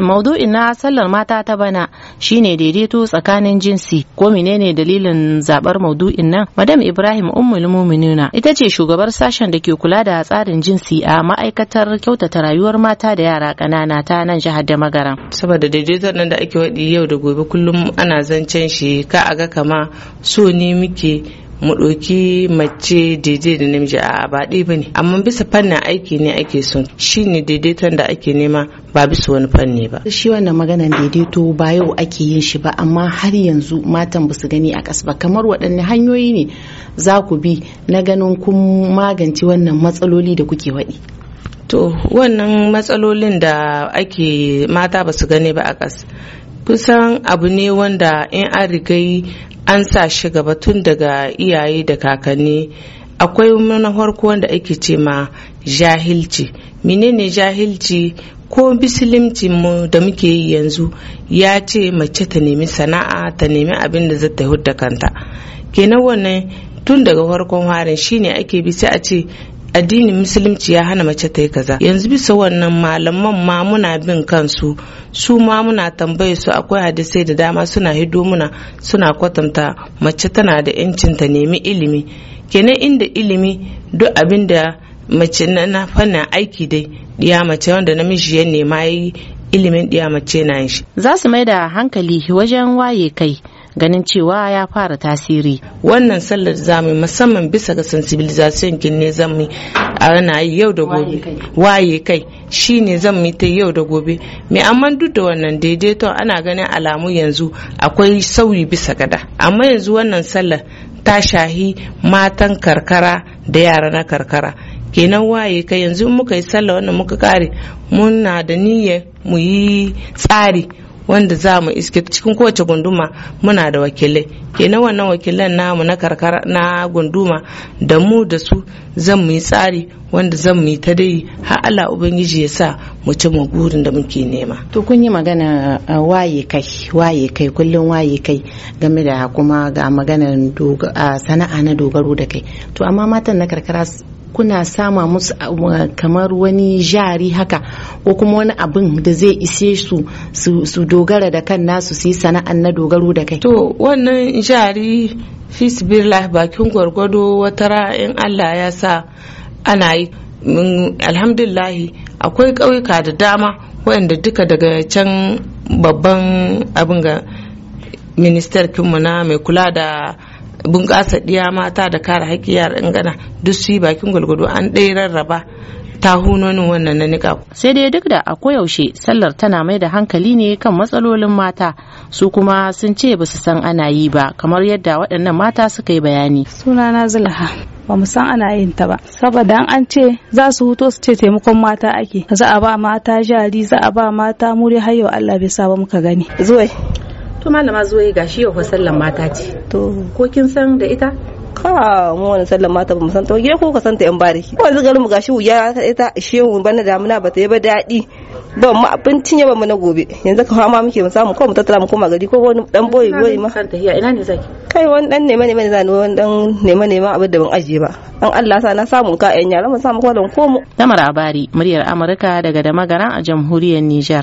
maudu'in na sallar mata ta bana shine daidaito tsakanin jinsi ko menene dalilin zabar maudu'in nan madam ibrahim ummul muminuna ita ce shugabar sashen da ke kula da tsarin jinsi a ma'aikatar kyautata rayuwar mata da yara ƙanana ta nan jihar da magaran saboda daidaiton nan da ake waɗi yau da gobe kullum ana zancen shi ka aga kama so ne muke mu ɗauki mace daidai da namiji a ba ɗaya ba ne amma bisa fannin aiki ne ake son shi ne daidaiton da ake nema ba bisa wani fanni ba shi wannan maganan daidaito ba yau ake yin shi ba amma har yanzu matan ba su gani a ƙasa ba kamar waɗanne hanyoyi ne za ku bi na ganin kun magance wannan matsaloli da kuke waɗi to wannan matsalolin da ake mata ba su gani ba a ƙasa kusan abu ne wanda in an rigai an sa shi gaba tun daga iyaye da kakanni akwai na farko wanda ake ce ma jahilci menene jahilci ko bisilimci mu da muke yi yanzu ya ce mace ta nemi sana'a ta nemi abin da zata hudda kanta kenan wannan tun daga farkon harin shine ake bi sai a ce addinin musulunci ya hana mace ta yi kaza yanzu bisa wannan malaman ma muna bin kansu su ma muna tambaye su akwai hadisai da dama suna hido muna suna kwatanta mace tana da yancin ta nemi ilimi kenan inda ilimi duk abin da mace na fannin aiki dai ya mace wanda namiji ya nema yi ilimin ɗiya mace na shi za su mai da hankali wajen waye kai ganin cewa ya fara tasiri wannan sallar zamu musamman bisa ga sensibilization kin ne zamu ana yau da gobe waye kai shine zan yi ta yau da gobe Me amma duk da wannan daidaito ana ganin alamu yanzu akwai sauyi bisa gada amma yanzu wannan sallar ta shahi matan karkara da yara na karkara kenan waye kai yanzu muka yi sallar wannan muka kare muna da niyyar mu yi tsari wanda za mu iske cikin kowace gunduma muna da wakilai kenan wannan wakilan namu na karkara na gunduma da mu da su zan mu yi tsari wanda zan mu yi ta dai har Allah ubangiji ya sa mu ci mu gurin da muke nema to kun yi magana waye kai waye kai kullun waye kai game da kuma ga maganar sana'a na dogaro da kai to amma matan na karkara kuna sama musu kamar wani jari haka ko kuma wani abin da zai ishe su su dogara da kan nasu su yi sana'an na dogaro da kai to wannan jari fisbillah bakin gwargwado wata ra'ayin allah ya sa ana yi mm, alhamdulillahi akwai ƙauyuka da dama waɗanda duka daga can babban abin ga ministar kinmu na mai kula da bunƙasa ɗiya mata da kare haƙƙi yaran gana duk su yi bakin gwargwado an ɗaya rarraba ta hunonin wannan na niƙa. sai dai duk da a koyaushe sallar tana mai da hankali ne kan matsalolin mata su kuma sun ce ba su san ana yi ba kamar yadda waɗannan mata suka yi bayani sunana zulaha ba mu san ana yin ta ba saboda an ce za su huto su ce taimakon mata ake za a ba mata jari za a ba mata muri har yau Allah bai sa ba muka gani zuwai to malama zuwai gashi yau sallar mata ce to ko kin san da ita ka mu wani sallan mata bamu san ta gida ko ka san ta yan bariki wani garin mu gashi wuya ta ita shehu bana damuna ba ta yi ba daɗi ba mu abincin ya ba mu na gobe yanzu ka fama muke mu samu ko mu tattara mu koma gari ko wani dan boye boye ma san tahiya ina ne zaki kai wani dan nema nema ne zani wani dan nema nema abin da ban aje ba dan Allah sa na samu ka yan yara mu samu ko mu. Tamar Abari muryar Amurka daga Damagaran a jamhuriyar Nijar